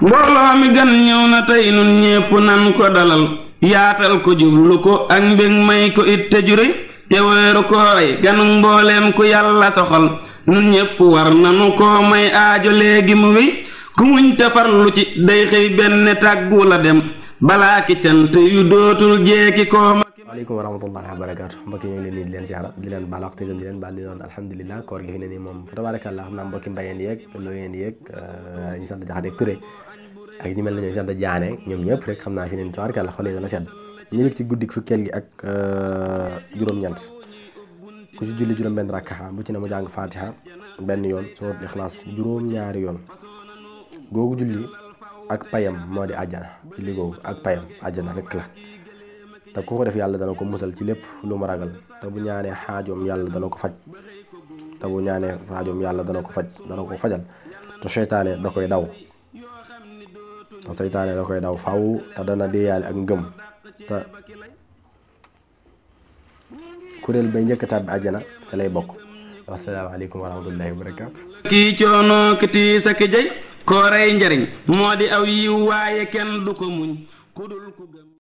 mbooloo mi gan ñëw na tey nun ñépp nan ko dalal yaatal ko jublu ko ak mbég may ko it te jure te weeru koore ganum mbooleem ku yàlla soxal nun ñépp war nanu ko may aajo léegi mu wi ku muñ te farlu ci day xëy benn tàggu la dem balaa ki yu dootul jeeki koo waaleykum wa rahmatullahi wa barakatu mbokki ñu ngi leen nii di leen siyaara di leen baal wax te di leen baal di leen alhamdulilah koor gi fi ne nii moom fa tabarakallah xam naa mbokki mbayeen yeeg looyeen yeeg euh, ñu sant jaxate ak Touré ak ñi mel ne ñooy sant jaane ñoom ñëpp rek xam naa fi ne nii tabarakallah xoolee dana sedd ñu nekk ci guddik fukkeel gi ak euh, juróom-ñeent ku ci julli juróom-benn rakka bu ci ne mu jàng fatiha benn yoon soo ixlaas juróom-ñaari yoon googu julli ak payam moo di àjjana julli googu ak payam àjjana rek la te ku ko def yàlla dana ko musal ci lépp lu mu ragal te bu ñaanee xaajoom yàlla dana ko faj te bu ñaanee xaajoom yàlla dana ko faj te seytaane da koy daw te seytaane da koy daw faw te dana deeyaale ak ngëm te kuréel bay njëkk tàbbi àjjana ca lay bokk asalaamaaleykum wa rahmatullahi wa barakaatu kii ki tiis ak jëy koo njariñ moo di aw yiw waaye kenn du ko muñ